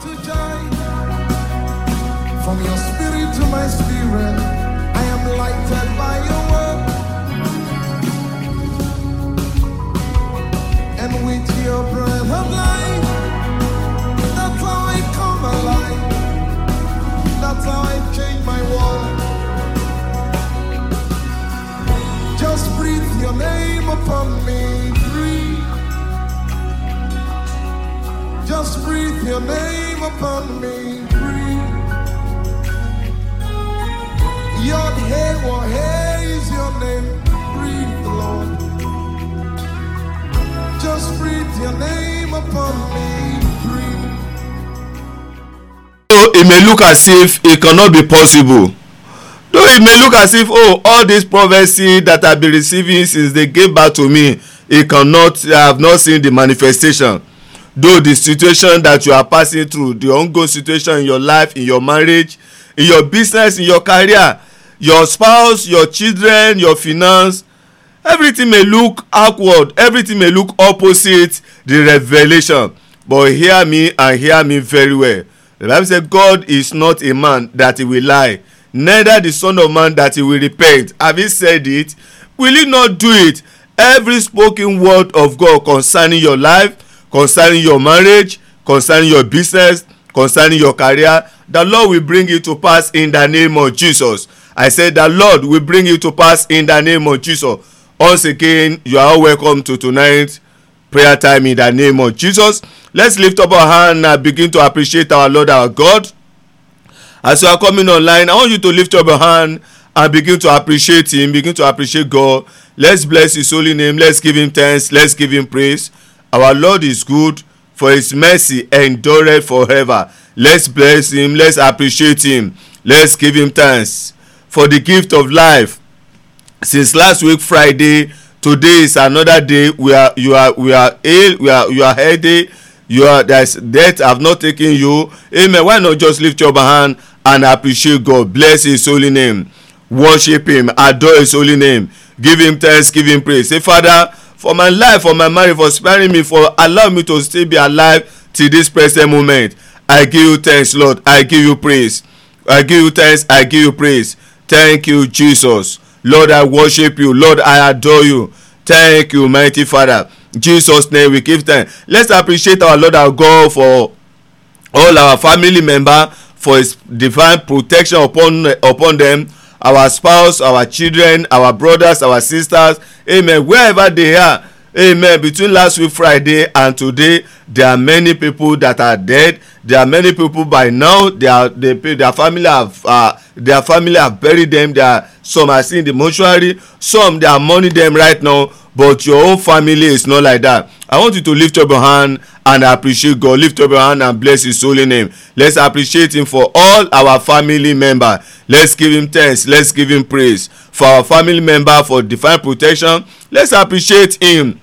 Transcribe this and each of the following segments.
to joy. From your spirit to my spirit, I am lighted by your word. And with your breath of life, that's how I come alive. That's how I change my world. Just breathe your name upon me. Breathe. Just breathe your name. came upon me free. Yod Hey, well, hey is your name. Breathe, Lord. Just breathe your name upon me. So it may look as if it cannot be possible. Though it may look as if, oh, all this prophecy that I've been receiving since they gave back to me, it cannot, I have not seen the manifestation. though the situation that you are passing through the ongoing situation in your life in your marriage in your business in your career your spouse your children your finance everything may look awkward. everything may look opposite the revelation but hear me and hear me very well the bible say god is not a man that he will lie neither the son of man that he will repent have he said it will he not do it every spoken word of god concerning your life concerning your marriage concerning your business concerning your career the lord will bring it to pass in the name of jesus i said the lord will bring it to pass in the name of jesus once again you are all welcome to tonight prayer time in the name of jesus let's lift up our hand and begin to appreciate our lord our god as you are coming online i want you to lift up your hand and begin to appreciate him begin to appreciate god let's bless his holy name let's give him thanks let's give him praise Our Lord is good, for his mercy endureth forever. Let's bless him, let's appreciate him, let's give him thanks for the gift of life. Since last week Friday, today is another day we are you are we are ill, we are you are healthy. you are there's death have not taken you. Amen. Why not just lift your hand and appreciate God, bless his holy name, worship him, adore his holy name, give him thanks, give him praise. Say, Father, for my life for my marriage for sparing me for allowing me to still be alive till this present moment i give you thanks lord i give you praise i give you thanks i give you praise thank you jesus lord i worship you lord i adore you thank you mighty father jesus name we give thanks let's appreciate our lord our god for all our family member for his divine protection upon upon them our spouse our children our brothers our sisters amen wherever they are amen between last week friday and today there are many people that are dead there are many people by now they are they their family have uh, their family have buried them There some are still in the mortuary some they are mourning them right now but your own family is not like that i want you to lift up your hand and appreciate god lift up your hand and bless his holy name let's appreciate him for all our family member let's give him thanks let's give him praise for our family member for divine protection let's appreciate him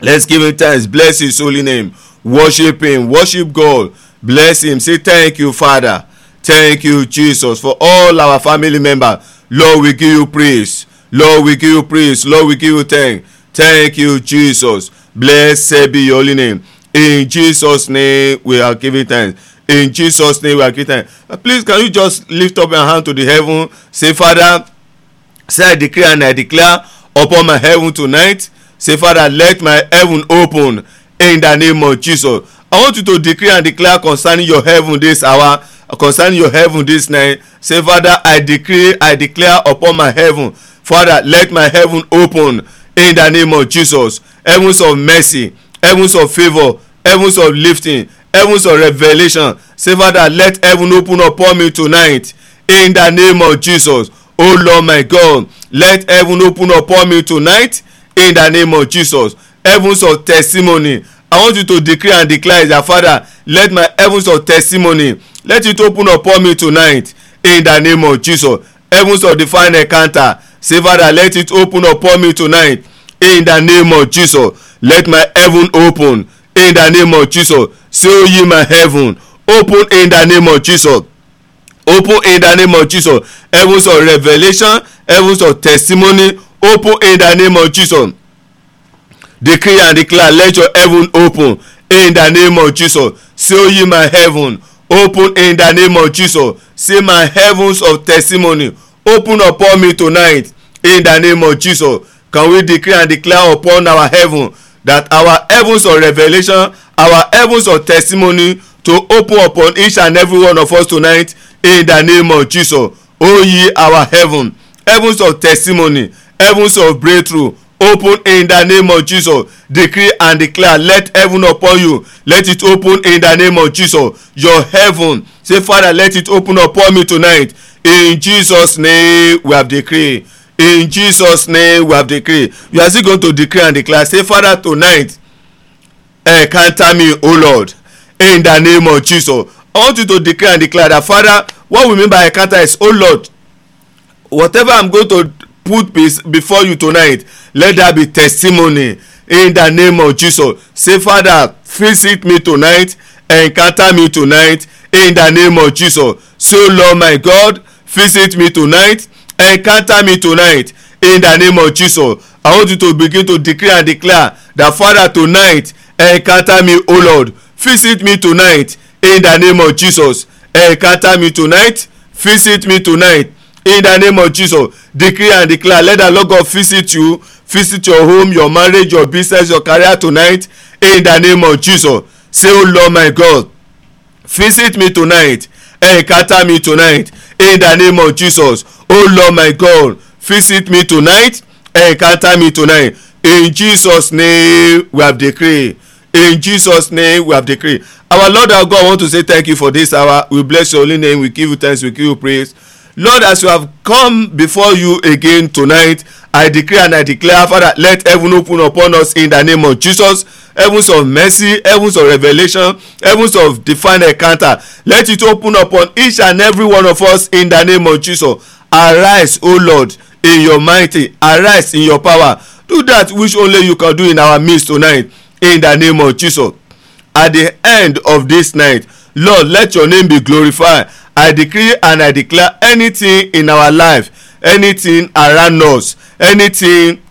let's give him thanks bless his holy name worship him worship god Bless him. Say, Thank you, Father. Thank you, Jesus, for all our family members. Lord, we give you praise. Lord, we give you praise. Lord, we give you thank. Thank you, Jesus. Blessed be your holy name. In Jesus' name, we are giving thanks. In Jesus' name, we are giving thanks. Uh, please, can you just lift up your hand to the heaven? Say, Father, say, I declare and I declare upon my heaven tonight. Say, Father, let my heaven open in the name of Jesus. I want you to declare and declare concerning your heaven this hour concerning your heaven this night say father I declare, I declare upon my heaven father let my heaven open in the name of Jesus Heaven of mercy heaven of favour heaven of lifting heaven of revelation say father let heaven open upon me tonight in the name of Jesus oh lord my god let heaven open upon me tonight in the name of Jesus Heaven of testimony I want you to declare and declare that Father, let my heavens of testimony, let it open upon me tonight in the name of Jesus. Heavens of divine encounter, say Father, let it open upon me tonight in the name of Jesus. Let my heaven open in the name of Jesus. Say ye my heaven, open in the name of Jesus. Open in the name of Jesus. Heavens of revelation, heavens of testimony, open in the name of Jesus decree and declare let your heaven open in the name of jesus say oh, ye my heaven open in the name of jesus say my heavens of testimony open upon me tonight in the name of jesus can we declare and declare upon our heaven that our heavens of revelation our heavens of testimony to open upon each and every one of us tonight in the name of jesus o oh, ye our heaven heavens of testimony heavens of breakthrough open in the name of jesus decree and declare let heaven upon you let it open in the name of jesus your heaven say father let it open upon me tonight in jesus name we have decree in jesus name we have decree you are still going to decree and declare say father tonight encounter me o lord in the name of jesus i want you to decree and declare that father what we mean by encounter is o lord whatever i'm going to put before you tonight let that be testimony in the name of jesus say father visit me tonight encounter me tonight in the name of jesus say so, oh lord my god visit me tonight encounter me tonight in the name of jesus i want you to begin to declare and declare that father tonight encounter me o lord visit me tonight in the name of jesus encounter me tonight visit me tonight in the name of jesus declare and declare let the lord god visit you visit your home your marriage your business your career tonight in the name of jesus say oh lord my god visit me tonight encounter me tonight in the name of jesus oh lord my god visit me tonight encounter me tonight in jesus name we have declared. in jesus name we have declared. our lord our god i want to say thank you for this hour we bless your holy name we give you thanks we give you praise lord as you have come before you again tonight i declare and i declare father let heaven open upon us in the name of jesus heavens of mercy heavens of revelation heavens of divine encounter let it open upon each and every one of us in the name of jesus arise o lord in your might. arise in your power do that which only you can do in our midst tonight in the name of jesus at the end of this night lord let your name be glorified i decree and i declare anything in our life anything around us anything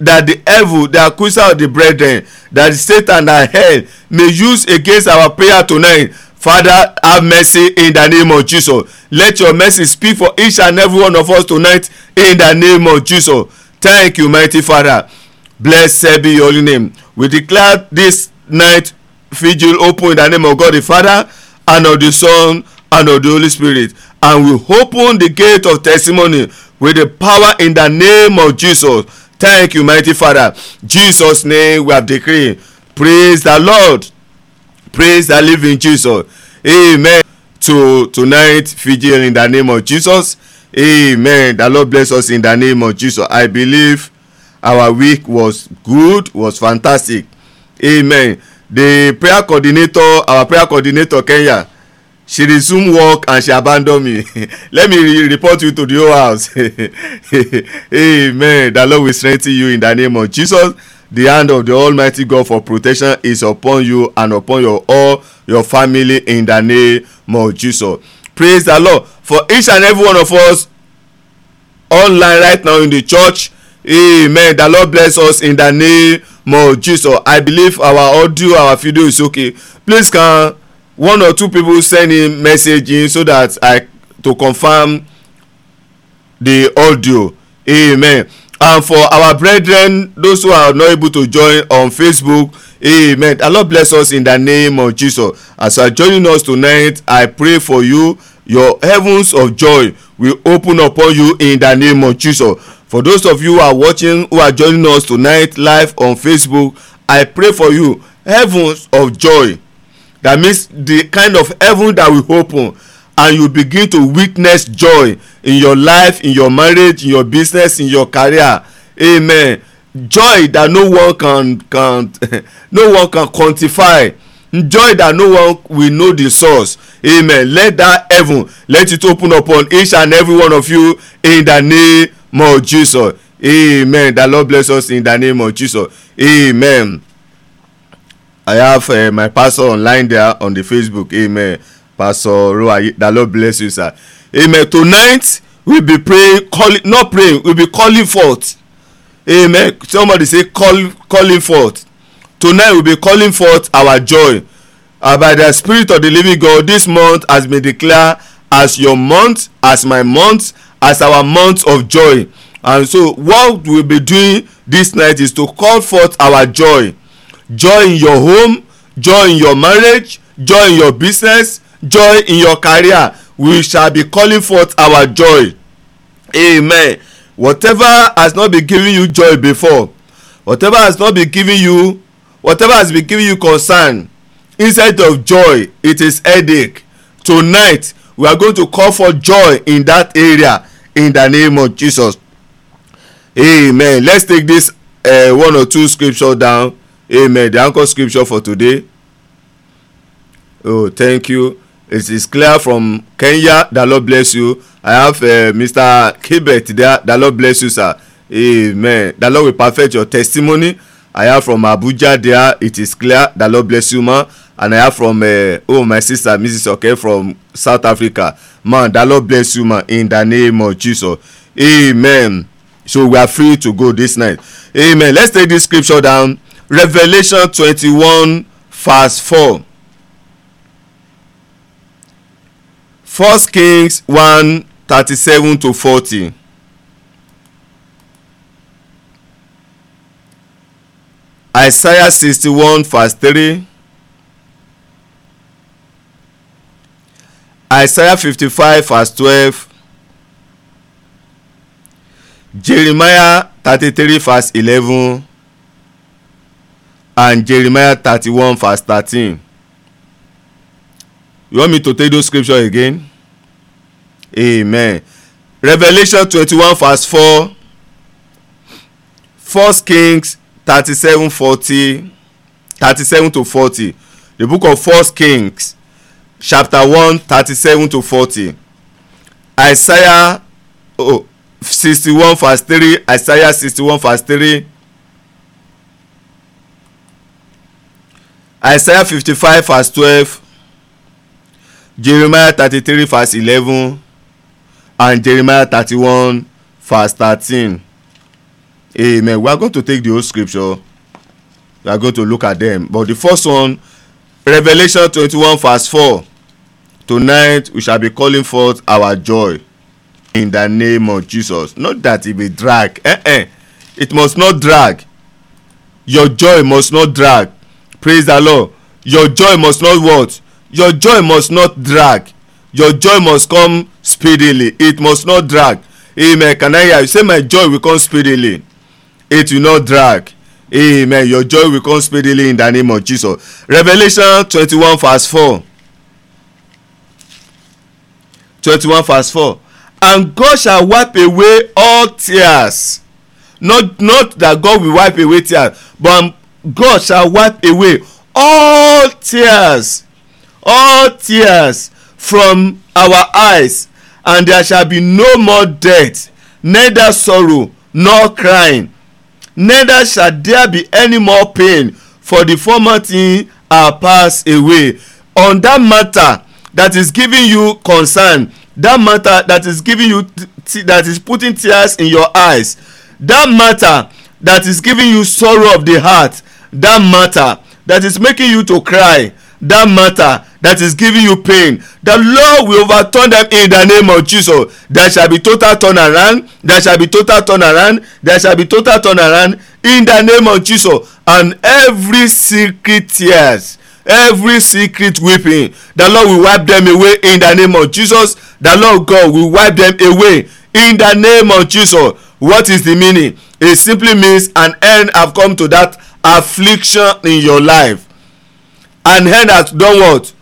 that the evil the accuser of the brethren that the satan and hell may use against our prayer tonight father have mercy in the name of jesus let your mercy speak for each and every one of us tonight in the name of jesus thank you mighty father blessed be your holy name we declare this night vigil open in the name of God the Father and of the Son and of the Holy Spirit. And we open the gate of testimony with the power in the name of Jesus. Thank you, mighty Father. Jesus' name we have decreed. Praise the Lord. Praise the living Jesus. Amen. To tonight vigil in the name of Jesus. Amen. The Lord bless us in the name of Jesus. I believe our week was good, was fantastic. Amen the prayer coordinator our prayer coordinator kenya she resume work and she abandon me let me report you to the whole house amen the lord will strengthen you in the name of jesus the hand of the almighty god for protection is upon you and upon your all your family in the name of jesus praise the lord for each and every one of us online right now in the church amen the lord bless us in the name more jesus i believe our audio our video is okay please can one or two people send in message in so that i to confirm the audio amen and for our brethren those who are not able to join on facebook amen Allah bless us in the name of jesus as you are joining us tonight i pray for you your heavens of joy will open upon you in the name of jesus for those of you who are watching who are joining us tonight live on facebook i pray for you heavens of joy that means the kind of heaven that will open and you begin to witness joy in your life in your marriage in your business in your career amen joy that no one can can no one can quantify joy that no one will know the source amen let that heaven let it open upon each and every one of you in the name of jesus amen That lord bless us in the name of jesus amen i have uh, my pastor online there on the facebook amen pastor roa That lord bless you sir amen tonight we be praying calling not praying we be calling forth amen somebody say call calling forth tonight we will be calling forth our joy uh, by the spirit of the living god this month has been declared as your month as my month as our month of joy and so what we will be doing this night is to call forth our joy joy in your home joy in your marriage joy in your business joy in your career we shall be calling forth our joy amen whatever has not been giving you joy before whatever has not been giving you whatever has been giving you concern instead of joy it is headache tonight we are going to call for joy in that area in the name of jesus amen let's take this uh, one or two scripture down amen the anchor scripture for today oh thank you it is clear from kenya that lord bless you i have uh, mr kibet there that lord bless you sir amen that lord will perfect your testimony I am from Abuja there. It is clear that Lord bless you, man. And I am from, uh, oh, my sister, Mrs. Okay, from South Africa. Man, that Lord bless you, man. in the name of Jesus. Amen. So we are free to go this night. Amen. Let's take this scripture down. Revelation 21, verse 4. First Kings 1 37 to 40. Isaiah sixty one verse three Isaiah fifty five verse twelve Jeremiah thirty three verse eleven and Jeremiah thirty one verse thirteen you want me to take those scripture again amen Revelation twenty one verse four First Kings thirty seven forty thirty seven to forty the book of first kings chapter one thirty seven to forty isaiah oh, sixty one verse three isaiah sixty one verse three isaiah fifty five verse twelve jeremiah thirty three verse eleven and jeremiah thirty one verse thirteen. Amen. We are going to take the whole scripture. We are going to look at them. But the first one, Revelation 21, verse 4. Tonight we shall be calling forth our joy in the name of Jesus. Not that it be drag. Eh -eh. It must not drag. Your joy must not drag. Praise the Lord. Your joy must not what? Your joy must not drag. Your joy must come speedily. It must not drag. Amen. Can I hear you say my joy will come speedily? it will not drag amen your joy will come speedily in the name of jesus revelation twenty-one verse four twenty-one verse four and God shall wipe away all tears not not that God will wipe away tears but um, God shall wipe away all tears all tears from our eyes and there shall be no more death neither sorrow nor crying neither shall there be any more pain for the former thing; are passed away on that matter that is giving you concern that matter that is giving you that is putting tears in your eyes that matter that is giving you sorrow of the heart that matter that is making you to cry that matter that is giving you pain the lord will overturn them in the name of jesus there shall be total around. there shall be total around. there shall be total around in the name of jesus and every secret tears every secret weeping the lord will wipe them away in the name of jesus the lord god will wipe them away in the name of jesus what is the meaning it simply means an end have come to that affliction in your life an end has done what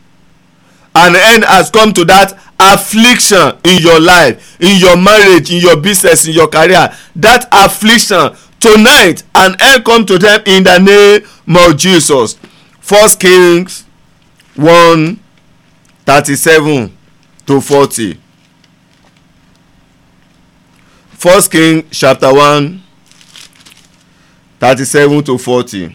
an end has come to that affliction in your life in your marriage in your business in your career that affliction tonight an end come to them in the name of jesus first kings one thirty-seven to forty first king chapter one thirty-seven to forty.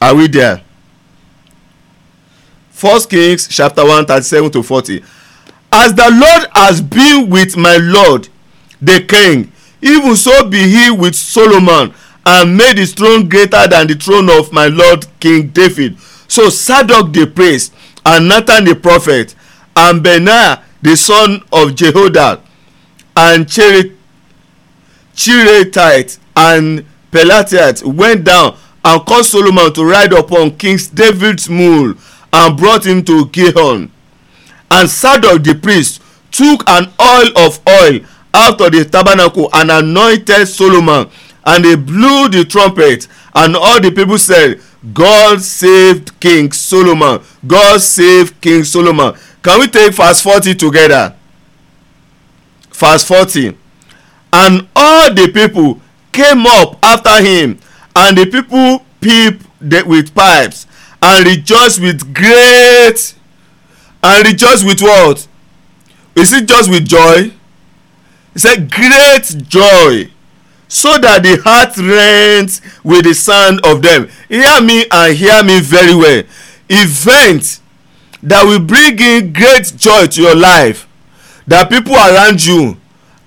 Are we there? First Kings chapter 1 37 to 40. As the Lord has been with my Lord the king, even so be he with Solomon, and made his throne greater than the throne of my Lord King David. So Sadok the priest, and Nathan the prophet, and Benaiah the son of Jehoiada, and Cheretite and Pelatiah went down and caused Solomon to ride upon King David's mule and brought him to Gihon. And Sadok the priest took an oil of oil out of the tabernacle and anointed Solomon and he blew the trumpet and all the people said God saved King Solomon God saved King Solomon can we take verse forty together verse forty and all the people came up after him and the people peep with pipes and rejoice with great and rejoice with what is it just with joy he said great joy so that the heart rent with the sound of them hear me and hear me very well event that will bring in great joy to your life that people around you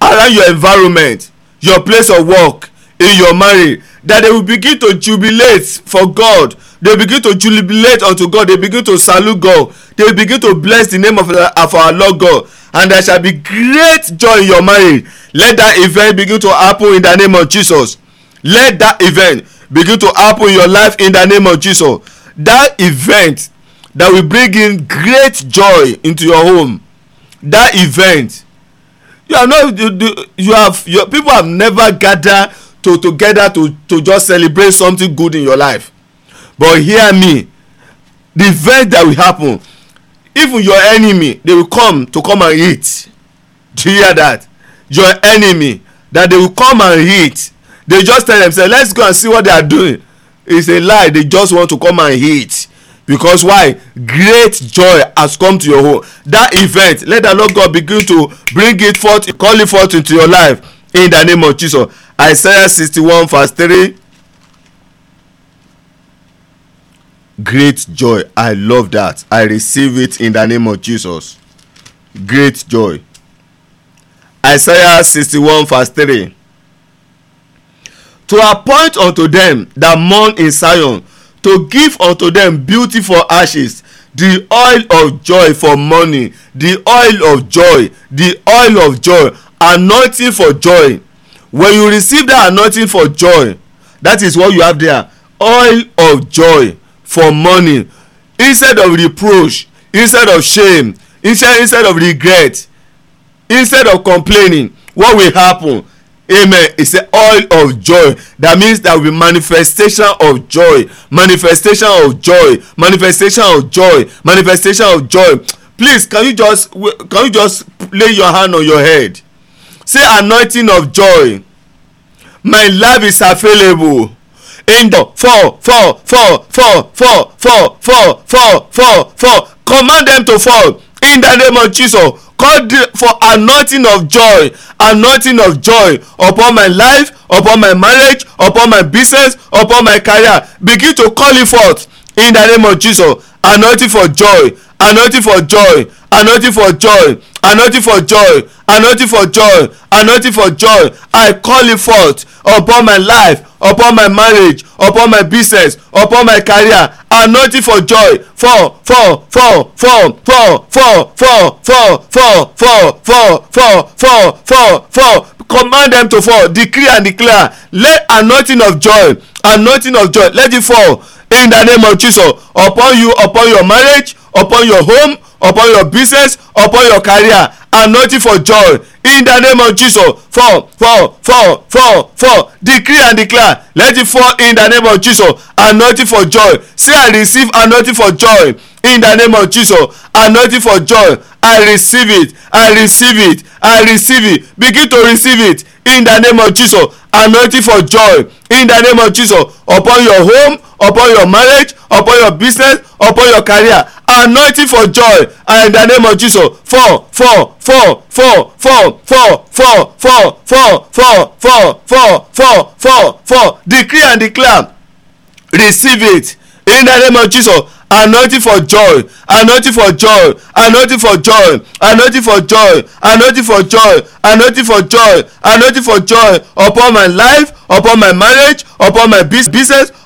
around your environment your place of work in your marriage that they will begin to jubilate for God they begin to jubilate unto God they begin to salute God they begin to bless the name of, uh, of our Lord God and there shall be great joy in your mind. let that event begin to happen in the name of Jesus let that event begin to happen in your life in the name of Jesus that event that will bring in great joy into your home that event you are not you, you have your people have never gathered to together to to just celebrate something good in your life but hear me the event that will happen even your enemy they will come to come and eat do you hear that your enemy that they will come and eat they just tell themselves let's go and see what they are doing it's a lie they just want to come and eat because why great joy has come to your home that event let the lord god begin to bring it forth call it forth into your life in the name of jesus Isaiah 61 verse 3. Great joy. I love that. I receive it in the name of Jesus. Great joy. Isaiah 61 verse 3. To appoint unto them that mourn in Zion, to give unto them beautiful ashes, the oil of joy for mourning, the oil of joy, the oil of joy, anointing for joy when you receive that anointing for joy that is what you have there oil of joy for money, instead of reproach instead of shame instead instead of regret instead of complaining what will happen amen it's the oil of joy that means there will be manifestation of joy manifestation of joy manifestation of joy manifestation of joy please can you just can you just lay your hand on your head say anointing of joy my life is available in the fall fall fall fall fall fall fall fall fall fall command them to fall in the name of jesus call for anointing of joy anointing of joy upon my life upon my marriage upon my business upon my career begin to call it forth in the name of jesus anointing for joy anointing for joy anointing for joy anointing for joy anointing for joy anointing for joy i call it forth upon my life upon my marriage upon my business upon my career anointing for joy for for for for for for for for for for for for for for for command them to fall declare and declare let anointing of joy anointing of joy let it fall in the name of jesus upon you upon your marriage upon your home upon your business upon your career anointing for joy in the name of jesus fall fall fall fall fall Declare and declare let it fall in the name of jesus anointing for joy say i receive anointing for joy in the name of jesus anointing for joy i receive it i receive it i receive it begin to receive it in the name of jesus anointing for joy in the name of jesus upon your home upon your marriage upon your business upon your career anointing for joy in the name of jesus four four four four four four four four four four four four four four four declare and declare receive it in the name of jesus anointing for joy anointing for joy anointing for joy anointing for joy anointing for joy anointing for joy anointing for joy upon my life upon my marriage upon my business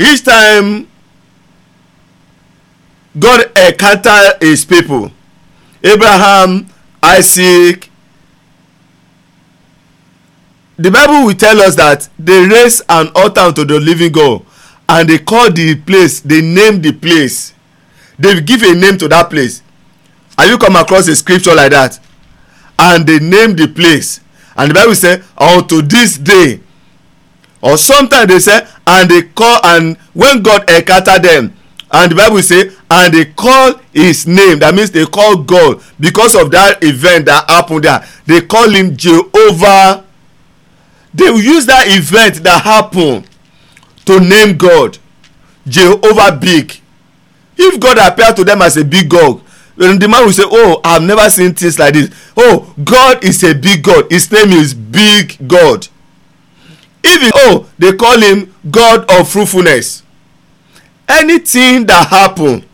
each time God encounter his people Abraham Isaac the bible will tell us that they raise an altar unto the living God and they call the place they name the place they give a name to that place have you come across a scripture like that and they name the place and the bible say unto this day or sometimes they say and they call and when god encounter them and the bible say and they call his name that means they call god because of that event that happen there they call him jehovah they use that event that happen to name god jehovah big if god appear to them as a big god then the man will say oh i have never seen things like this oh god is a big god his name is big god even though they call him god of fruitfulness anything that happen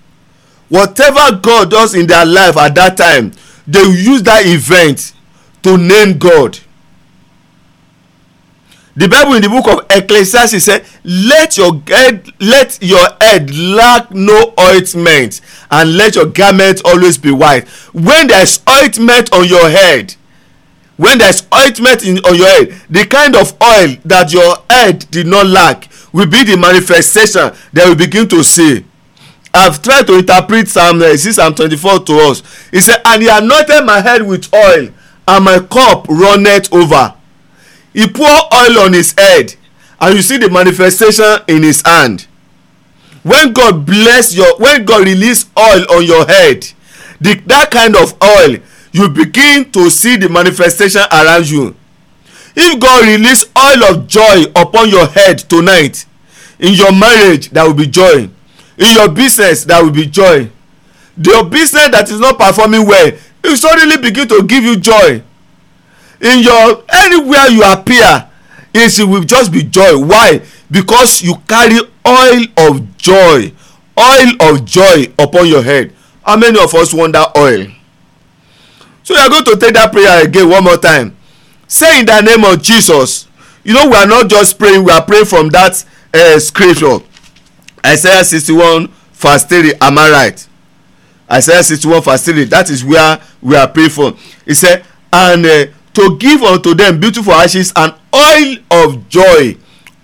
whatever god does in their life at that time they use that event to name god the bible in the book of ecclesiastes say let your head let your head lack no ointment and let your garment always be white when there is ointment on your head when there is ointment in, on your head the kind of oil that your head did not lack will be the manifestation that you begin to see i have tried to interpret psalm uh, six twenty-four to us he said, and he anointed my head with oil and my cup runneth over he pour oil on his head and you see the manifestation in his hand when god bless your when god release oil on your head the that kind of oil you begin to see the manifestation around you if god release oil of joy upon your head tonight in your marriage there will be joy in your business there will be joy your business that is not performing well will suddenly begin to give you joy in your anywhere you appear it will just be joy why because you carry oil of joy oil of joy upon your head how many of us want that oil so we are going to take that prayer again one more time say in the name of jesus you know we are not just praying we are praying from that uh, scripture isaiah sixty verse three am i right isaiah sixty verse three that is where we are praying from he said and uh, to give unto them beautiful ashes and oil of joy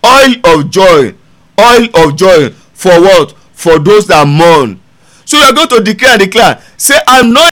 oil of joy oil of joy for what for those that mourn so you are going to declare declare say i'm not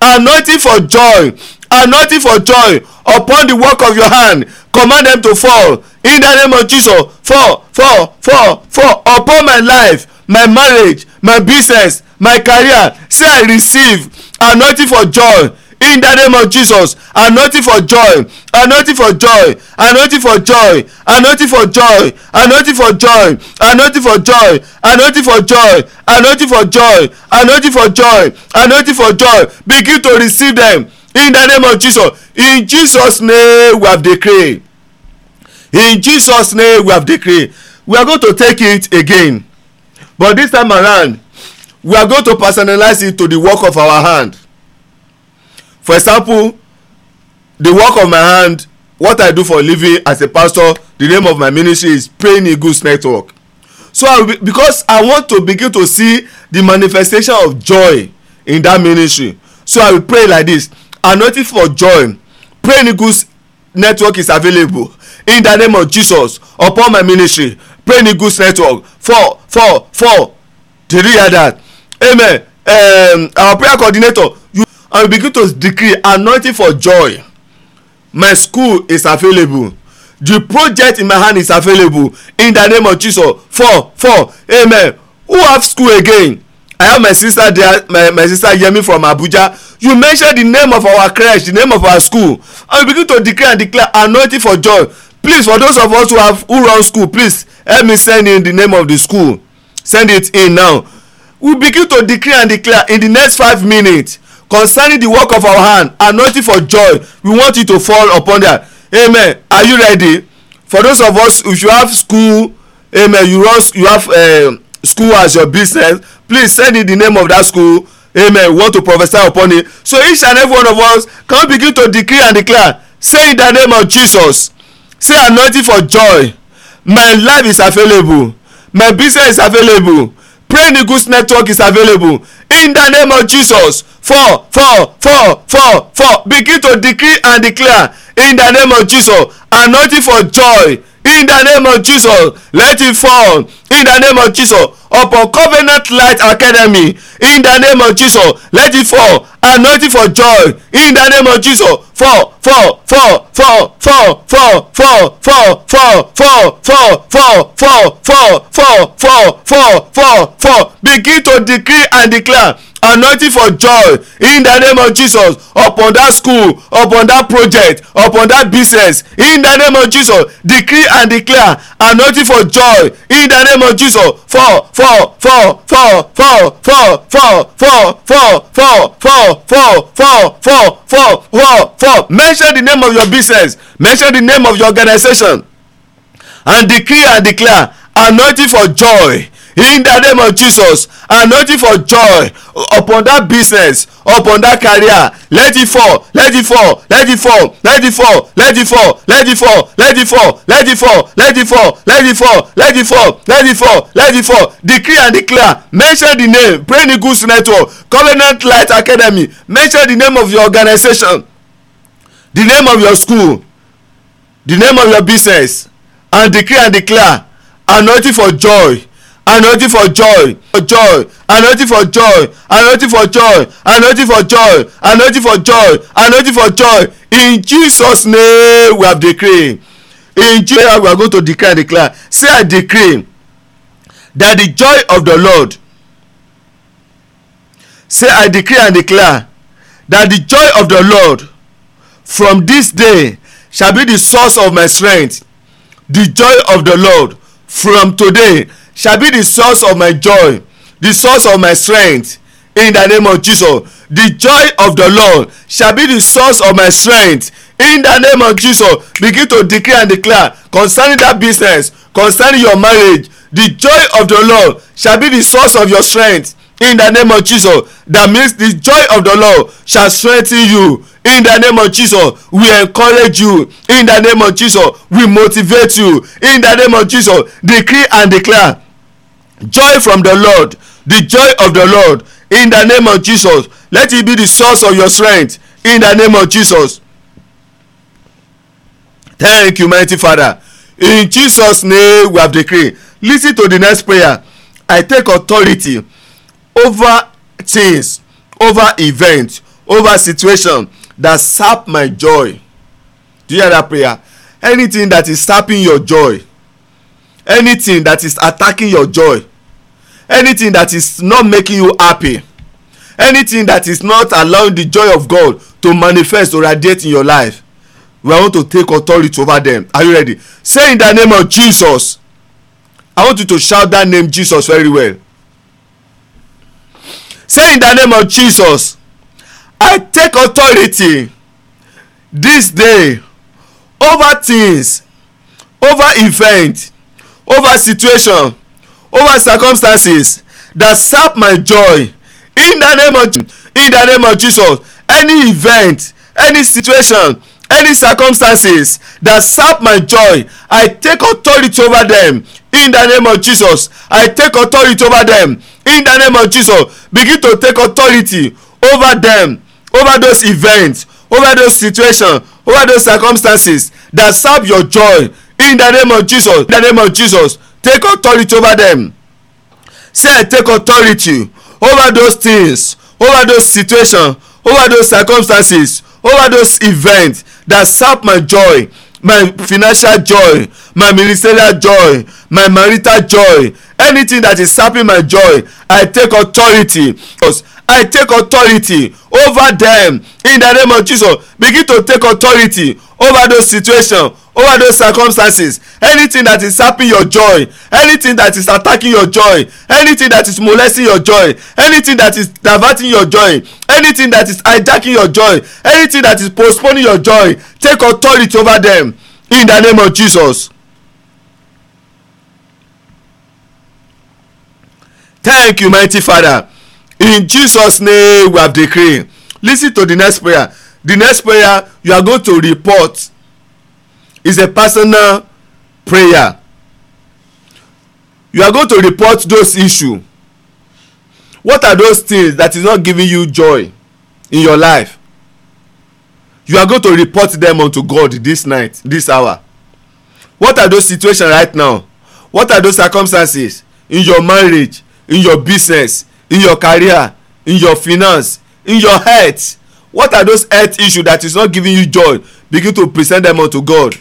anointing for joy anointing for joy upon the work of your hand command them to fall in the name of jesus fall fall fall fall upon my life my marriage my business my career say i receive anointing for joy in the name of jesus anointing for joy anointing for joy anointing for joy anointing for joy anointing for joy anointing for joy anointing for joy anointing for joy anointing for joy anointing for joy begin to receive them in the name of jesus in jesus name we have decree in jesus name we have decree we are going to take it again but this time around we are going to personalize it to the work of our hand for example the work of my hand what i do for living as a pastor the name of my ministry is praying eagles network so i be because i want to begin to see the manifestation of joy in that ministry so i will pray like this anointing for joy praying eagles network is available in the name of jesus upon my ministry praying eagles network for for for did you hear that amen um, our prayer coordinator and we begin to decree anointing for joy my school is available the project in my hand is available in the name of jesus four four amen who have school again i have my sister there my, my sister yemi from abuja you mention the name of our crèche the name of our school and we begin to declare and declare anointing for joy please for those of us who have who run school please help me send in the name of the school send it in now we begin to declare and declare in the next five minutes concerning the work of our hand anointing for joy we want it to fall upon them amen are you ready for those of us if you have school amen you run you have uh, school as your business please send in the name of that school amen we want to prophesy upon it so each and every one of us can begin to declare and declare say in the name of jesus say anointing for joy my life is available my business is available Pray Eagles network is available in the name of Jesus four four four four four begin to decree and declare in the name of Jesus anointing for joy in the name of Jesus let it fall in the name of Jesus upon covenant light academy in the name of jesus let it fall anointing for joy in the name of jesus fall fall fall fall fall fall fall fall fall fall fall fall fall fall fall fall fall fall fall begin to decree and declare anointing for joy in the name of jesus upon that school upon that project upon that business in the name of jesus decree and declare anointing for joy in the name of jesus for for for for for for for for for for for for for for for for for mention the name of your business mention the name of your organization and decree and declare anointing for joy in the name of jesus anointing for joy upon that business upon that career let it fall let it fall let it fall let it fall let it fall let it fall let it fall let it fall let it fall let it fall let it fall let it fall let it fall declare and declare mention the name praying goods network covenant light academy mention the name of your organization the name of your school the name of your business and declare and declare anointing for joy anointing for joy for joy anointing for joy anointing for joy anointing for joy anointing for joy anointing for joy in jesus name we have decree in jesus we are going to declare declare say i decree that the joy of the lord say i decree and declare that the joy of the lord from this day shall be the source of my strength the joy of the lord from today shall be the source of my joy the source of my strength in the name of jesus the joy of the lord shall be the source of my strength in the name of jesus begin to declare and declare concerning that business concerning your marriage the joy of the lord shall be the source of your strength in the name of jesus that means the joy of the lord shall strengthen you in the name of jesus we encourage you in the name of jesus we motivate you in the name of jesus declare and declare joy from the lord the joy of the lord in the name of jesus let it be the source of your strength in the name of jesus thank you mighty father in jesus name we have decreed. lis ten to the next prayer i take authority over things over events over situations that sap my joy do you hear that prayer anything that is sapping your joy anything that is attacking your joy anything that is not making you happy anything that is not allowing the joy of God to manifest or radiate in your life we want to take authority over them are you ready say in the name of Jesus I want you to shout that name Jesus very well say in the name of Jesus I take authority this day over things over events, over situations over circumstances that sap my joy in the name of in the name of jesus any event any situation any circumstances that sap my joy i take authority over them in the name of jesus i take authority over them in the name of jesus begin to take authority over them over those events over those situations over those circumstances that sap your joy in the name of jesus in the name of jesus take authority over them say i take authority over those things over those situations over those circumstances over those events that sap my joy my financial joy my ministerial joy my marital joy anything that is sapping my joy i take authority because i take authority over them in the name of jesus begin to take authority over those situations over those circumstances anything that is sapping your joy anything that is attacking your joy anything that is molesting your joy anything that is diverting your joy anything that is hijacking your joy anything that is postponing your joy take authority over them in the name of jesus. thank you mighty father in jesus name we have decree lis ten to the next prayer the next prayer you are going to report is a personal prayer you are going to report those issues what are those things that is not giving you joy in your life you are going to report them unto god this night this hour what are those situations right now what are those circumstances in your marriage in your business in your career in your finance in your health what are those health issues that is not giving you joy begin to present them unto god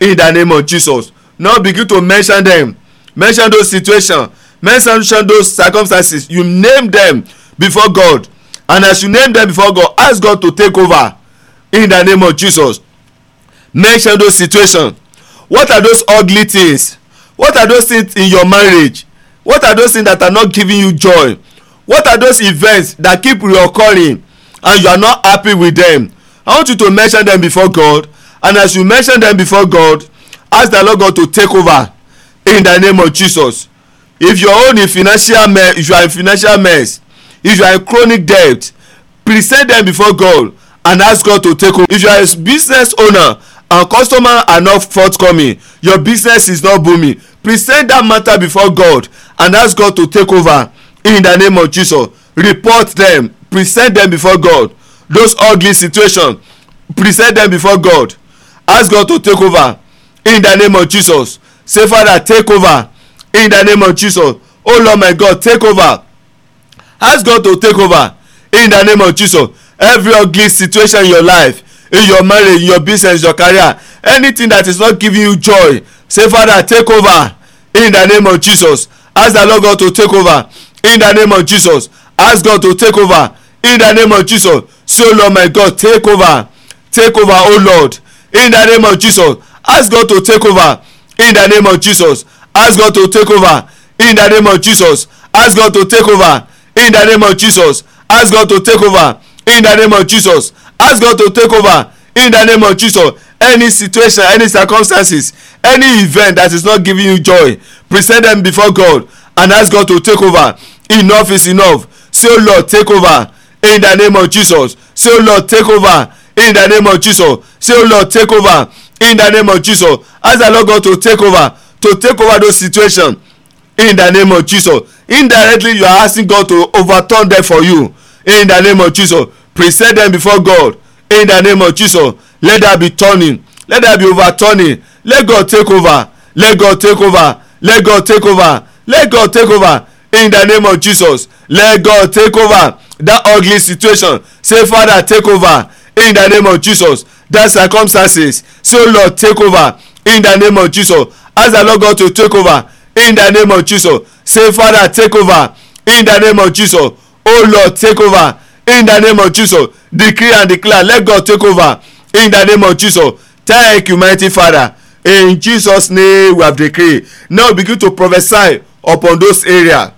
in the name of jesus now begin to mention them mention those situations mention those circumstances you name them before god and as you name them before god ask god to take over in the name of jesus mention those situations what are those ugly things what are those things in your marriage what are those things that are not giving you joy what are those events that keep reoccurring and you are not happy with them i want you to mention them before god and as you mention them before god ask the lord god to take over in the name of jesus if you are in financial mess if you are in financial mess if you are in chronic debt present them before god and ask god to take over if you are a business owner and customer are not forthcoming your business is not booming present that matter before god and ask god to take over in the name of jesus report them present them before god those ugly situations present them before god ask God to take over in the name of Jesus say father take over in the name of Jesus oh lord my God take over ask God to take over in the name of Jesus every ugly situation in your life in your marriage in your business your career anything that is not giving you joy say father take over in the name of Jesus ask the lord God to take over in the name of Jesus ask God to take over in the name of Jesus say oh lord my God take over take over oh lord in the name of jesus ask god to take over in the name of jesus ask god to take over in the name of jesus ask god to take over in the name of jesus ask god to take over in the name of jesus ask god to take over in the name of jesus any situation any circumstances any event that is not giving you joy present them before god and ask god to take over enough is enough say so, oh lord take over in the name of jesus say so, oh lord take over in the name of jesus say oh lord take over in the name of jesus ask the lord god to take over to take over those situations in the name of jesus indirectly you are asking god to overturn them for you in the name of jesus present them before god in the name of jesus let that be turning let that be overturning let god take over let god take over let god take over let god take over in the name of jesus let god take over that ugly situation say father take over in the name of jesus that circumstances so lord take over in the name of jesus ask the lord god to take over in the name of jesus say father take over in the name of jesus oh lord take over in the name of jesus decree and declare let god take over in the name of jesus thank you mighty father in jesus name we have decree now begin to prophesy upon those area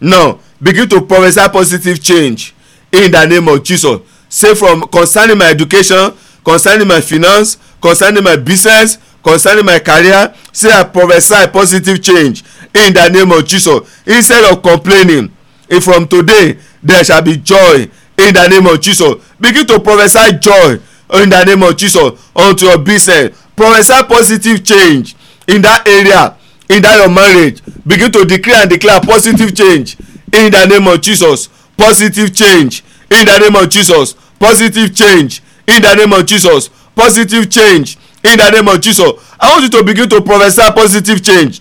now begin to prophesy positive change in the name of jesus say from concerning my education concerning my finance concerning my business concerning my career say i prophesy positive change in the name of jesus instead of complaining if from today there shall be joy in the name of jesus begin to prophesy joy in the name of jesus unto your business prophesy positive change in that area in that your marriage begin to declare and declare positive change in the name of jesus positive change in the name of jesus positive change in the name of jesus positive change in the name of jesus i want you to begin to prophesy positive change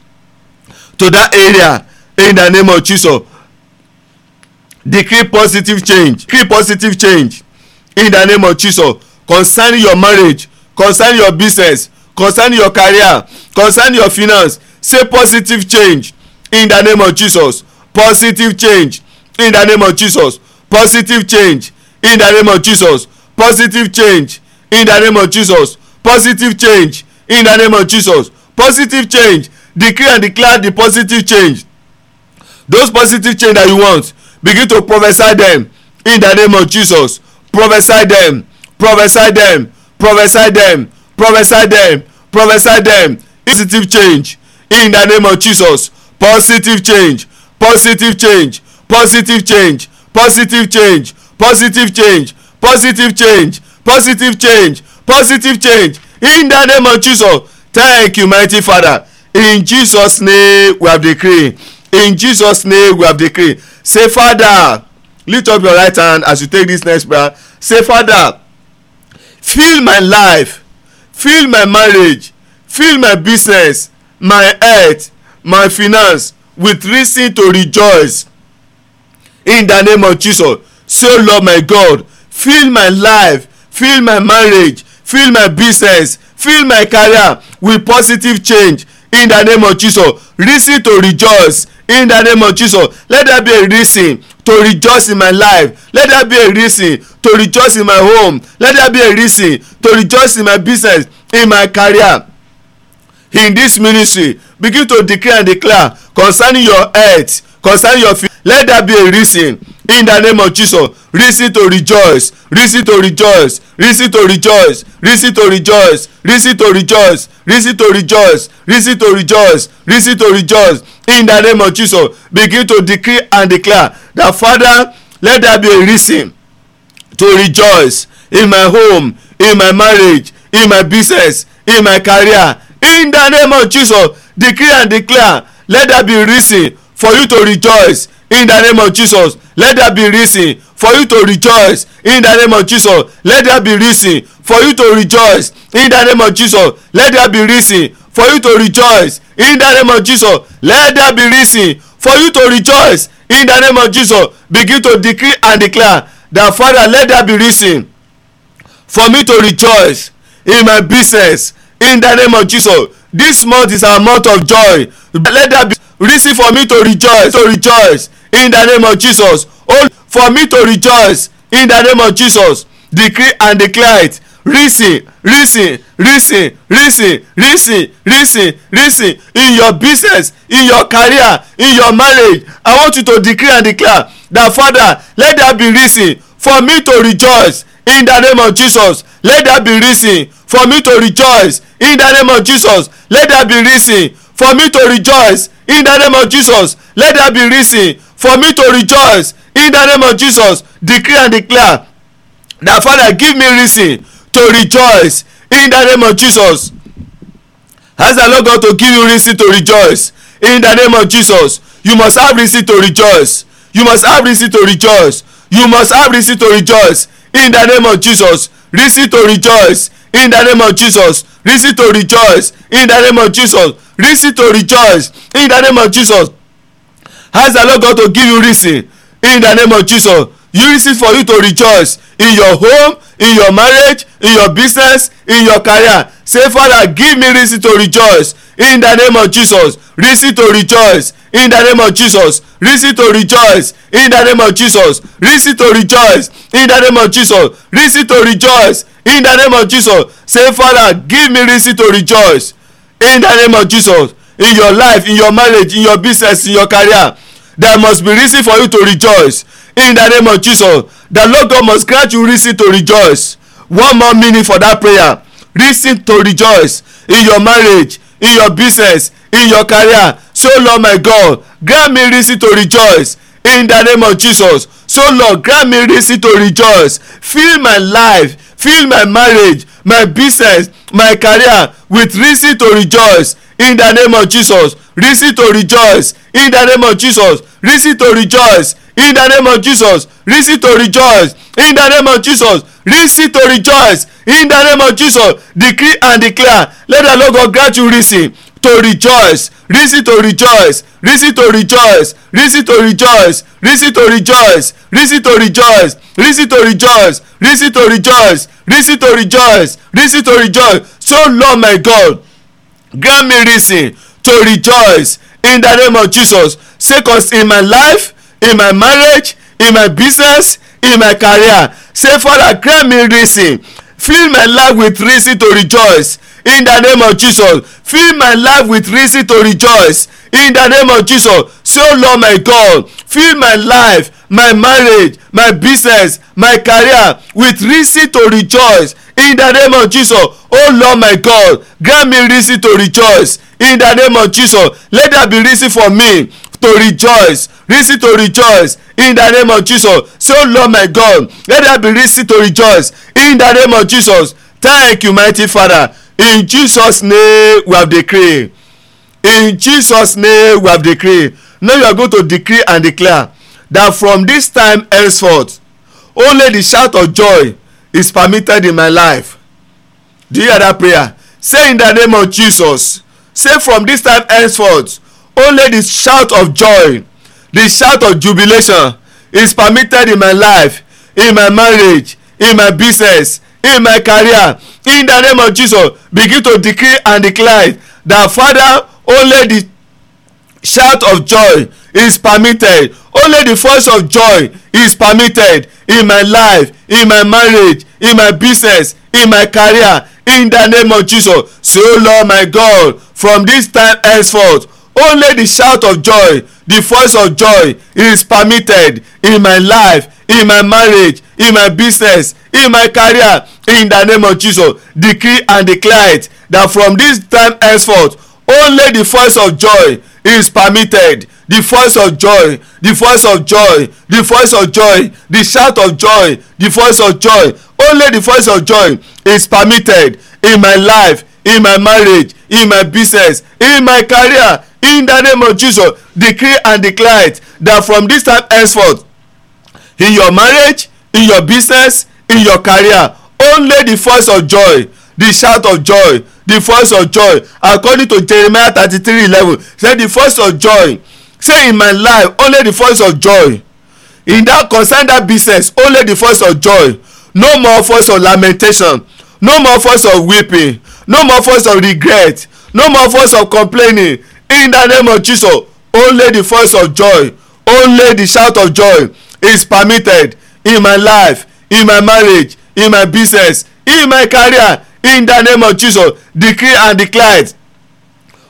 to that area in the name of jesus decree positive change decree positive change in the name of jesus concerning your marriage concerning your business concerning your career concerning your finance say positive change in the name of jesus positive change in the name of jesus positive change in the name of jesus positive change in the name of jesus positive change in the name of jesus positive change declare and declare the positive change those positive change that you want begin to prophesy them in the name of jesus prophesy them prophesy them prophesy them prophesy them prophesy them positive change in the name of jesus positive change positive change positive change positive change positive change positive change positive change positive change in that name of jesus thank you mighty father in jesus name we have decree in jesus name we have decree say father lift up your right hand as you take this next prayer say father fill my life fill my marriage fill my business my health my finance with reason to rejoice in the name of jesus say oh lord my god fill my life fill my marriage fill my business fill my career with positive change in the name of jesus reason to rejoice in the name of jesus let there be a reason to rejoice in my life let there be a reason to rejoice in my home let there be a reason to rejoice in my business in my career in this ministry begin to declare and declare concerning your health concerning your let there be a reason in the name of jesus reason to rejoice reason to rejoice reason to rejoice reason to rejoice reason to rejoice reason to rejoice reason to rejoice reason to rejoice in the name of jesus begin to declare and declare that father let there be a reason to rejoice in my home in my marriage in my business in my career in the name of jesus declare and declare let there be reason for you to rejoice in the name of jesus let there be reason for you to rejoice in the name of jesus let there be reason for you to rejoice in the name of jesus let there be reason for you to rejoice in the name of jesus let there be reason for you to rejoice in the name of jesus begin to decree and declare that father let there be reason for me to rejoice in my business in the name of jesus this month is a month of joy let there be reason for me to rejoice to rejoice in the name of jesus oh for me to rejoice in the name of jesus decree and declare it reason reason reason reason reason reason reason in your business in your career in your marriage i want you to decree and declare that father let there be reason for me to rejoice in the name of jesus let there be reason for me to rejoice in the name of jesus let there be reason for me to rejoice in the name of jesus let there be reason for me to rejoice in the name of jesus declare and declare that father give me reason to rejoice in the name of jesus ask the lord god to give you reason to rejoice in the name of jesus you must have reason to rejoice you must have reason to rejoice you must have reason to rejoice in the name of jesus reason to rejoice in the name of jesus reason to rejoice in the name of jesus reason to rejoice in the name of jesus ask the lord god to give you reason in the name of jesus you reason for you to rejoice in your home in your marriage in your business in your career say father give me reason to rejoice in the name of jesus reason to rejoice in the name of jesus reason to rejoice in the name of jesus reason to rejoice in the name of jesus reason to rejoice in the name of jesus say father give me reason to rejoice in the name of jesus in your life in your marriage in your business in your career there must be reason for you to rejoice in the name of jesus the lord god must grant you reason to rejoice one more meaning for that prayer reason to rejoice in your marriage in your business in your career so lord my god grant me reason to rejoice in the name of jesus so lord grant me reason to rejoice fill my life fill my marriage my business my career with reason to rejoice in the name of jesus reason to rejoice in the name of jesus reason to rejoice in the name of jesus reason to rejoice in the name of jesus reason to rejoice in the name of jesus Declare and declare let the lord god grant you reason to rejoice reason to rejoice reason to rejoice reason to rejoice reason to rejoice reason to rejoice reason to rejoice reason to rejoice reason to rejoice reason to rejoice so lord my god grant me reason to rejoice in the name of Jesus say us in my life in my marriage in my business in my career say father grant me reason fill my life with reason to rejoice in the name of jesus fill my life with reason to rejoice in the name of jesus so lord my god fill my life my marriage my business my career with reason to rejoice in the name of jesus oh lord my god grant me reason to rejoice in the name of jesus let there be reason for me to rejoice reason to rejoice in the name of jesus so oh lord my god let there be reason to rejoice in the name of jesus thank you mighty father in jesus name we have decree in jesus name we have decree now you are going to decree and declare that from this time henceforth only the shout of joy is permitted in my life do you hear that prayer say in the name of jesus say from this time henceforth only the shout of joy the shout of jubilation is permitted in my life in my marriage in my business in my career in the name of jesus begin to decree and declare that father only the shout of joy is permitted only the voice of joy is permitted in my life in my marriage in my business in my career in the name of jesus so lord my god from this time henceforth only the shout of joy the voice of joy is permitted in my life in my marriage in my business in my career in the name of jesus decree and declare it that from this time henceforth only the voice of joy is permitted the voice of joy the voice of joy the voice of joy the shout of joy the voice of joy only the voice of joy is permitted in my life in my marriage in my business in my career in the name of jesus decree and declare it that from this time henceforth in your marriage in your business in your career only the voice of joy the shout of joy the voice of joy according to jeremiah thirty-three eleven say the voice of joy say in my life only the voice of joy in that concern that business only the voice of joy no more voice of lamentation no more voice of weeping no more voice of regret no more voice of complaining in the name of jesus only the voice of joy only the shout of joy is permitted in my life in my marriage in my business in my career in the name of jesus decree and declare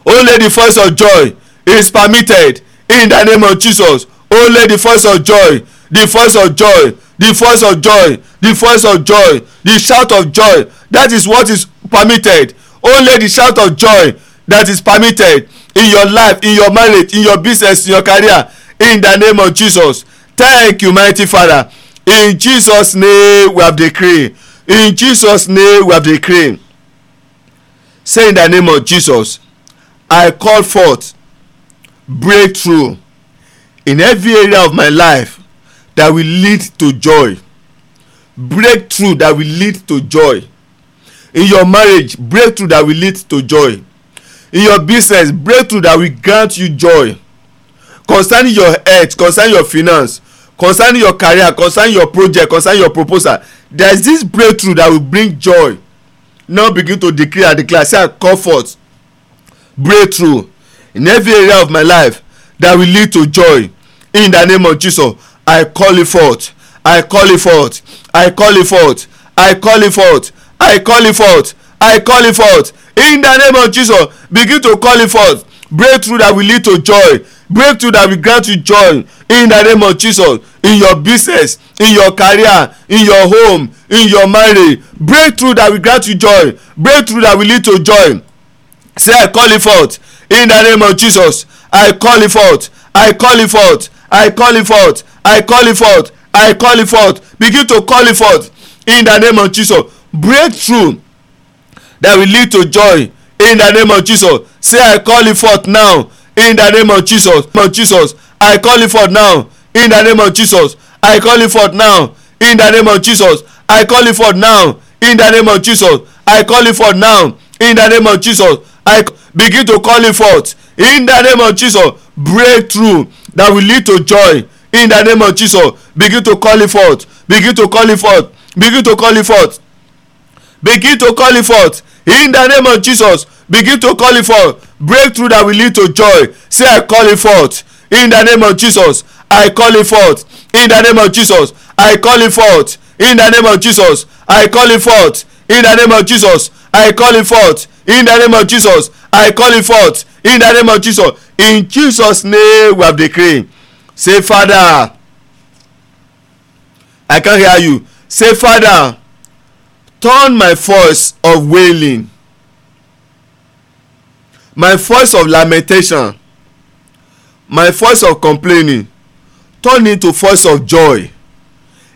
only the voice of joy is permitted in the name of jesus only the voice of joy the voice of joy the voice of joy the voice of joy the shout of joy that is what is permitted only the shout of joy that is permitted in your life in your marriage in your business in your career in the name of jesus thank you mighty father in jesus name we have the cream. in jesus name we have the cream. say in the name of jesus i call forth breakthrough in every area of my life that will lead to joy breakthrough that will lead to joy in your marriage breakthrough that will lead to joy in your business breakthrough that will grant you joy concerning your health concerning your finance concerning your career concerning your project concerning your proposal there is this breakthrough that will bring joy now begin to declare and declare say comfort breakthrough in every area of my life that will lead to joy in the name of jesus i call it forth i call it forth i call it forth i call it forth i call it forth i call it forth in the name of jesus begin to call it forth breakthrough that will lead to joy breakthrough that will grant you joy in the name of jesus in your business in your career in your home in your marriage breakthrough that will grant you joy breakthrough that will lead to joy say i call it forth in the name of jesus i call it forth i call it forth i call it forth i call it forth i call it forth begin to call it forth in the name of jesus breakthrough that will lead to joy in the name of jesus say i call it forth now in the name of jesus of jesus i call it forth now in the name of jesus i call it forth now in the name of jesus i call it forth now in the name of jesus i call it forth now in the name of jesus I begin to call it forth in the name of Jesus breakthrough that will lead to joy in the name of Jesus begin to call it forth begin to call it forth begin to call it forth begin to call it forth in the name of Jesus begin to call it forth breakthrough that will lead to joy say I call it forth in the name of Jesus I call it forth in the name of Jesus I call it forth in the name of jesus i call him forth in the name of jesus i call him forth in the name of jesus i call him forth in the name of jesus in jesus name we have decree say father i can hear you say father turn my voice of wailing my voice of lamentation my voice of complaining turn into voice of joy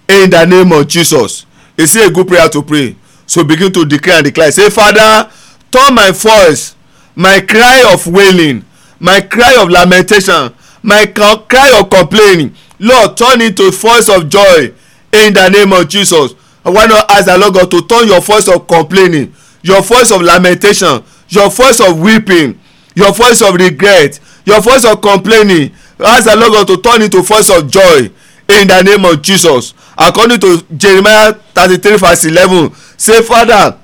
in the name of jesus is it a good prayer to pray so begin to declare and declare say father turn my voice my cry of wailing my cry of lamentation my cry of complaining lord turn it to voice of joy in the name of jesus i wan now ask the lord god to turn your voice of complaining your voice of lamentation your voice of weeping your voice of regret your voice of complaining ask the lord god to turn it to voice of joy in the name of jesus according to jeremiah thirty three verse eleven say father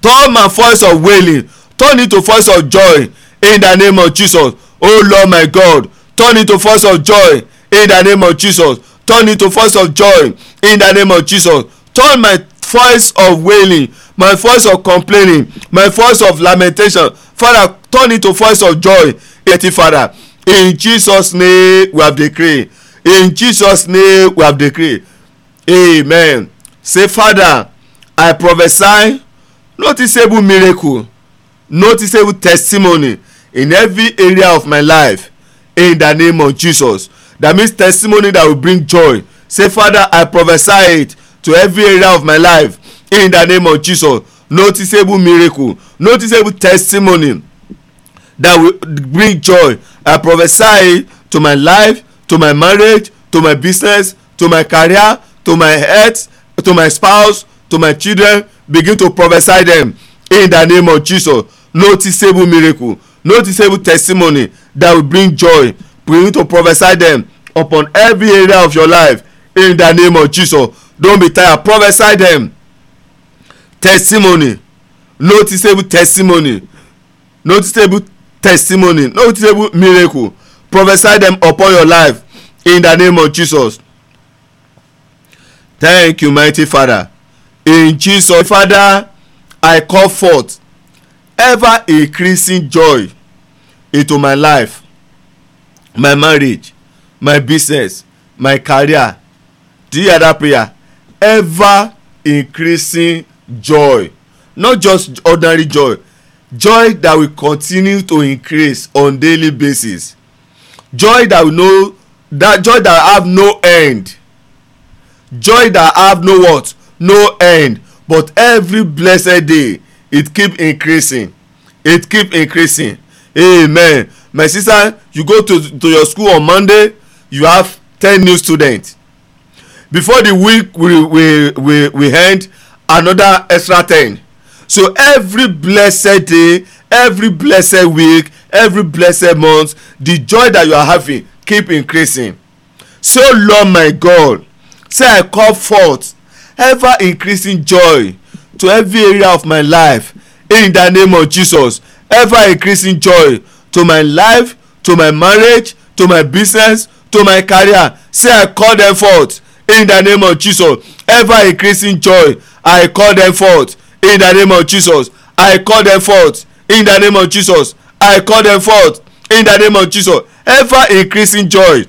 turn my voice of wailing turn it to voice of joy in the name of jesus oh lord my god turn it to voice of joy in the name of jesus turn it to voice of joy in the name of jesus turn my voice of wailing my voice of complaining my voice of lamentation father turn it to voice of joy eighty father in jesus name we have decree in jesus name we have decree Amen. Say, Father, I prophesy noticeable miracle, noticeable testimony in every area of my life in the name of Jesus. That means testimony that will bring joy. Say, Father, I prophesy it to every area of my life in the name of Jesus. Noticeable miracle, noticeable testimony that will bring joy. I prophesy it to my life, to my marriage, to my business, to my career, to my health, to my spouse, to my children. Begin to prophesy them in the name of Jesus. Noticeable miracle, noticeable testimony that will bring joy. Begin to prophesy them upon every area of your life in the name of Jesus. Don't be tired. Prophesy them. Testimony, noticeable testimony, noticeable testimony, noticeable miracle. Prophesy them upon your life in the name of Jesus. Thank you, mighty Father. In Jesus, Father, I call forth ever increasing joy into my life, my marriage, my business, my career. Do you hear that prayer? Ever increasing joy. Not just ordinary joy. Joy that will continue to increase on daily basis. Joy that will no that joy that have no end joy that have no what no end but every blessed day it keep increasing it keep increasing amen my sister you go to to your school on monday you have ten new students before the week we we we we end another extra ten so every blessed day every blessed week every blessed month the joy that you are having keep increasing so lord my god Say I call forth ever increasing joy to every area of my life in the name of jesus ever increasing joy to my life to my marriage to my business to my career say i call them forth in the name of jesus ever increasing joy i call them forth in the name of jesus i call them forth in the name of jesus i call them forth in the name of jesus ever increasing joy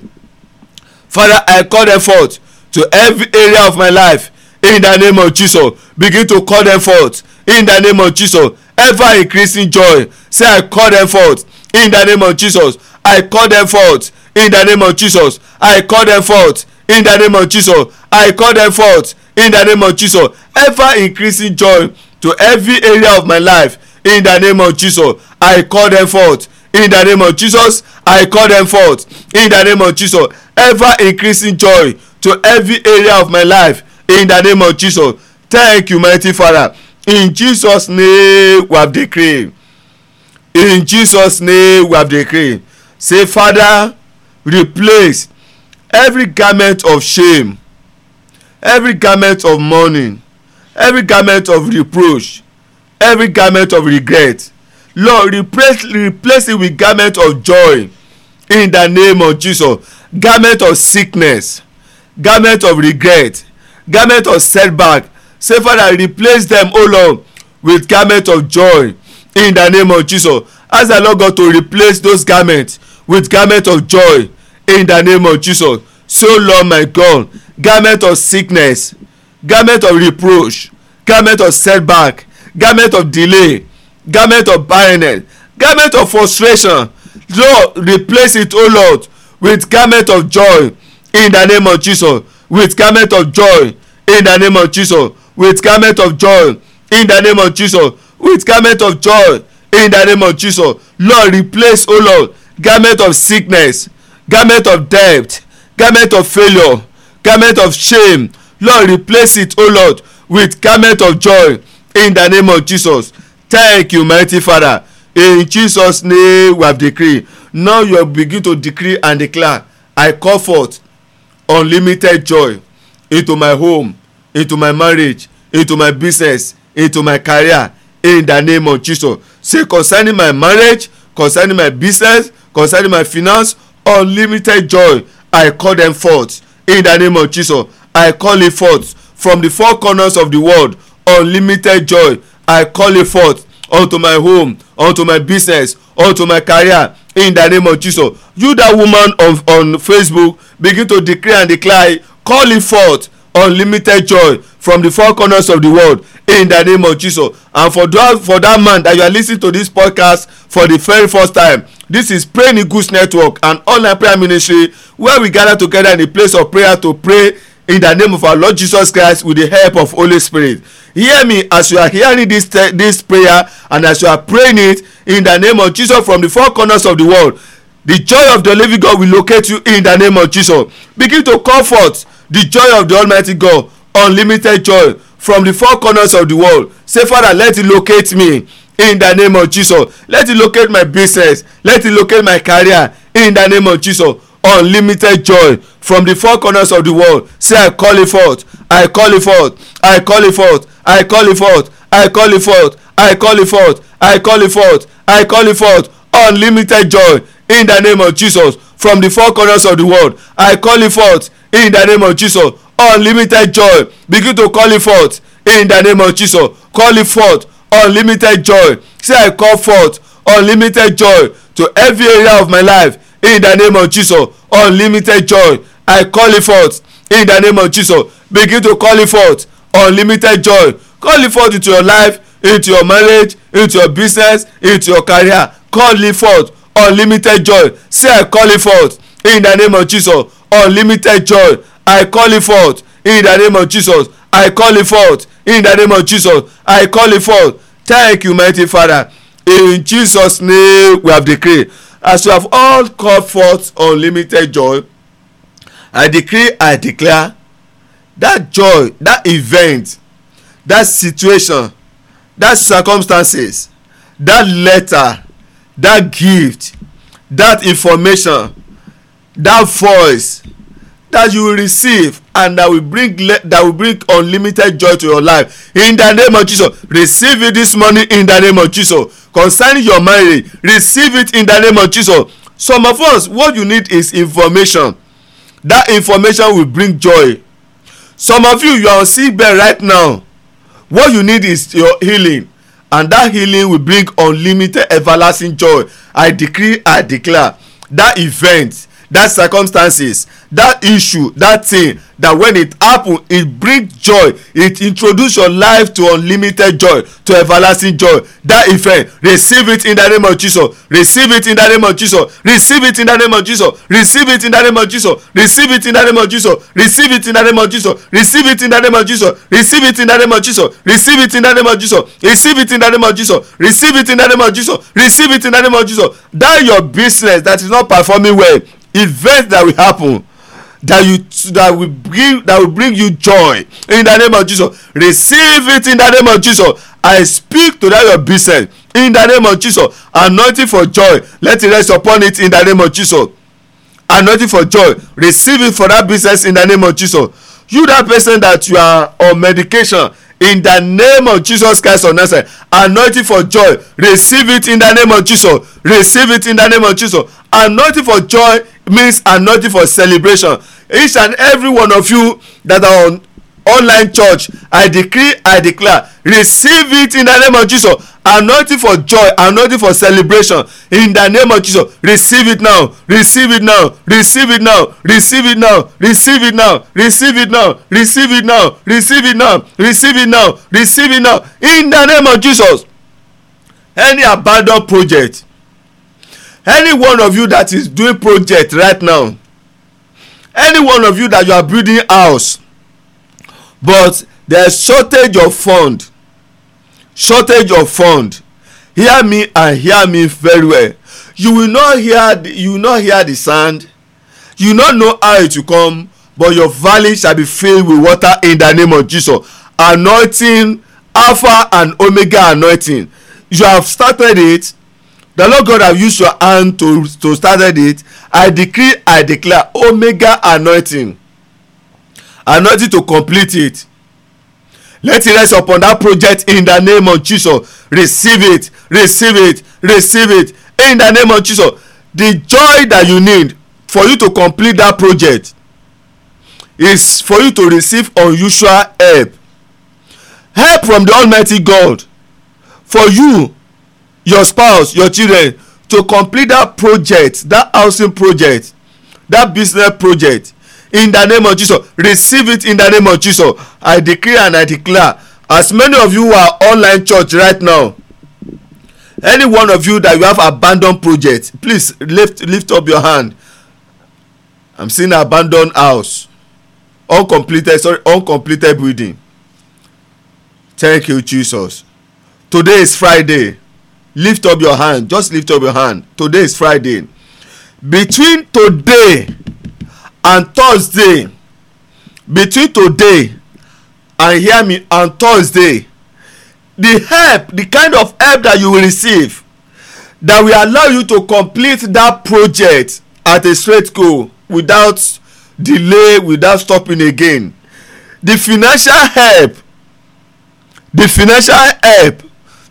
father i call them forth to every area of my life in the name of jesus begin to call them forth in the name of jesus ever increasing joy say i call them forth in the name of jesus i call them forth in the name of jesus i call them forth in the name of jesus i call them forth in the name of jesus ever increasing joy to every area of my life in the name of jesus i call them forth in the name of jesus i call them forth in the name of jesus ever increasing joy to every area of my life in the name of jesus thank you mighty father in jesus name we have decreed in jesus name we have decreed say father replace every garment of shame every garment of mourning every garment of reproach every garment of regret lord replace replace it with garment of joy in the name of jesus garment of sickness garment of regret garment of setback say father replace them o lord with garment of joy in the name of jesus ask the lord god to replace those garments with garment of joy in the name of jesus so lord my god garment of sickness garment of reproach garment of setback garment of delay garment of barrenness garment of frustration lord replace it o lord with garment of joy in the name of jesus with garment of joy in the name of jesus with garment of joy in the name of jesus with garment of joy in the name of jesus lord replace o lord garment of sickness garment of debt garment of failure garment of shame lord replace it o lord with garment of joy in the name of jesus thank you mighty father in jesus name we have decree now you begin to decree and declare i call forth unlimited joy into my home into my marriage into my business into my career in the name of jesus say concerning my marriage concerning my business concerning my finance unlimited joy i call them forth in the name of jesus i call it forth from the four corners of the world unlimited joy i call it forth unto my home unto my business unto my career in the name of jesus you that woman on on facebook begin to declare and declare calling forth unlimited joy from the four corners of the world in the name of jesus and for that for that man that you are listening to this podcast for the very first time this is Praying in goods network an online prayer ministry where we gather together in a place of prayer to pray in the name of our lord jesus christ with the help of holy spirit hear me as you are hearing this this prayer and as you are praying it in the name of jesus from the four corners of the world the joy of the living God will locate you in the name of Jesus. Begin to call forth the joy of the Almighty God, unlimited joy from the four corners of the world. Say, Father, let it locate me in the name of Jesus. Let it locate my business. Let it locate my career in the name of Jesus. Unlimited joy from the four corners of the world. Say, I call it forth. I call it forth. I call it forth. I call it forth. I call it forth. I call it forth. I call it forth. I call it forth. Unlimited joy in the name of jesus from the four corners of the world i call it forth in the name of jesus unlimited joy begin to call it forth in the name of jesus call it forth unlimited joy say i call forth unlimited joy to every area of my life in the name of jesus unlimited joy i call it forth in the name of jesus begin to call it forth unlimited joy call it forth into your life into your marriage into your business into your career call it forth unlimited joy say i call it forth in the name of jesus unlimited joy i call it forth in the name of jesus i call it forth in the name of jesus i call it forth thank you mighty father in jesus name we have decree as we have all called forth unlimited joy i decree i declare that joy that event that situation that circumstances that letter that gift that information that voice that you receive and that will bring that will bring unlimited joy to your life in the name of jesus receive it this morning in the name of jesus concerning your marriage receive it in the name of jesus some of us what you need is information that information will bring joy some of you you are on sick bed right now what you need is your healing and that healing will bring unlimited everlasting joy i decree i declare that event that circumstances that issue that thing that when it happen it bring joy it introduce your life to unlimited joy to everlasting joy that effect receive it in the name of jesus receive it in the name of jesus receive it in the name of jesus receive it in the name of jesus receive it in the name of jesus receive it in the name of jesus receive it in the name of jesus receive it in the name of jesus receive it in the name of jesus receive it in the name of jesus receive it in the name of jesus receive it in the name of jesus that your business that is not performing well events that will happen that you that will bring that will bring you joy in the name of jesus receive it in the name of jesus i speak to that your business in the name of jesus anointing for joy let it rest upon it in the name of jesus anointing for joy receive it for that business in the name of jesus you that person that you are on medication in the name of jesus christ of nazareth anointing for joy receive it in the name of jesus receive it in the name of jesus anointing for joy means anointing for celebration each and every one of you that are on online church i decree i declare receive it in the name of jesus anointing for joy anointing for celebration in the name of jesus receive it now receive it now receive it now receive it now receive it now receive it now receive it now receive it now receive it now receive it now in the name of jesus any abandoned project any one of you that is doing project right now any one of you that you are building house but there is shortage of fund shortage of fund hear me and hear me very well you will not hear the, you will not hear the sound you will not know how it will come but your valley shall be filled with water in the name of jesus anointing alpha and omega anointing you have started it the lord god have used your hand to to started it i decree i declare omega anointing anointing to complete it let it rest upon that project in the name of jesus receive it receive it receive it in the name of jesus the joy that you need for you to complete that project is for you to receive unusual help help from the almighty god for you your spouse your children to complete that project that housing project that business project in the name of jesus receive it in the name of jesus i declare and i declare as many of you are online church right now any one of you that you have abandoned project please lift lift up your hand i'm seeing abandoned house uncompleted sorry uncompleted building thank you jesus today is friday lift up your hand just lift up your hand today is friday between today and thursday between today and hear me and thursday the help the kind of help that you will receive that will allow you to complete that project at a straight go without delay without stopping again the financial help the financial help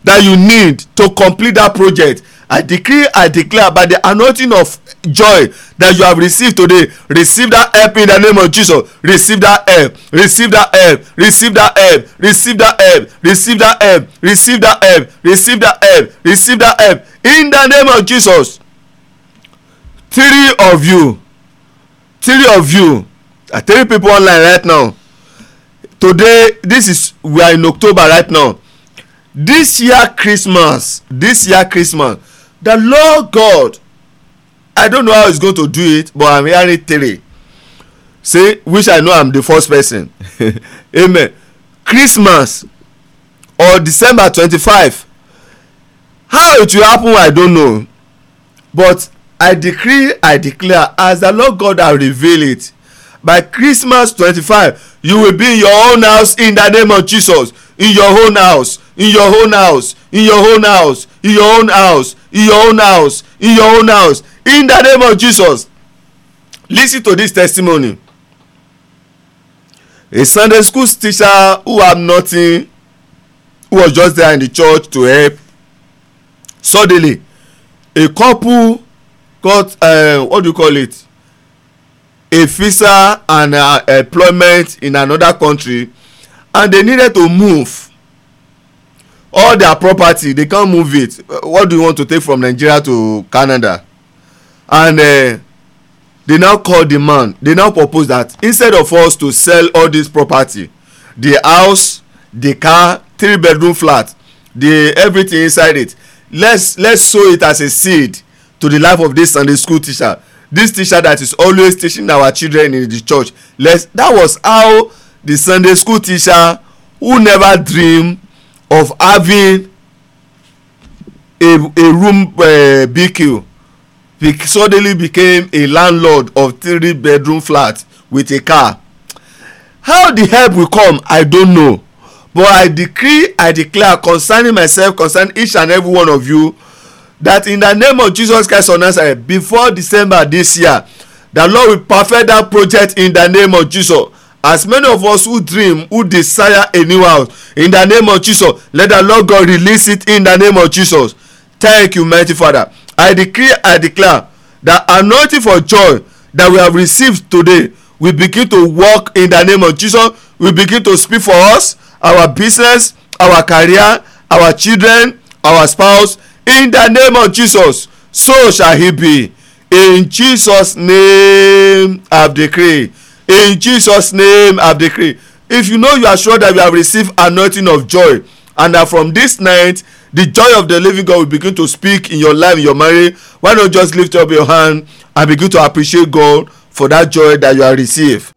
that you need to complete that project i declare, i declare by the anointing of joy that you have received today receive that help in the name of jesus receive that help receive that help receive that help receive that help receive that help receive that help receive that help receive that help in the name of jesus three of you three of you are uh, three people online right now today this is we are in october right now this year christmas this year christmas the lord god i don't know how he's going to do it but i'm hearing three say which i know i'm the first person amen christmas or december twenty-five how it will happen i don't know but i decree i declare as the lord god i reveal it by christmas twenty-five you will be in your own house in the name of jesus in your own house in your own house in your own house in your own house in your own house in your own house in the name of jesus listen to this testimony a sunday school teacher who had nothing who was just there in the church to help suddenly a couple got uh, what do you call it a visa and uh, employment in another country and they needed to move all their property they can't move it uh, what do you want to take from nigeria to canada and uh, they now call the man they now propose that instead of us to sell all this property the house the car three bedroom flat the everything inside it let's let's sow it as a seed to the life of this sunday school teacher this teacher that is always teaching our children in the church let's that was how the sunday school teacher who never dream of having a a room uh, eh, bq be suddenly became a landlord of three bedroom flat with a car how the help will come i don't know but i decree i declare concerning myself concerning each and every one of you that in the name of jesus christ of nazareth before december this year the lord will perfect that project in the name of jesus as many of us who dream who desire a new house in the name of jesus let the lord god release it in the name of jesus thank you mighty father i declare i declare that anointing for joy that we have received today we begin to work in the name of jesus we begin to speak for us our business our career our children our spouse in the name of jesus so shall he be in jesus name i declare. in jesus name i decree if you know you are sure that you have received anointing of joy and that from this night the joy of the living god will begin to speak in your life in your marriage why not just lift up your hand and begin to appreciate god for that joy that you have received.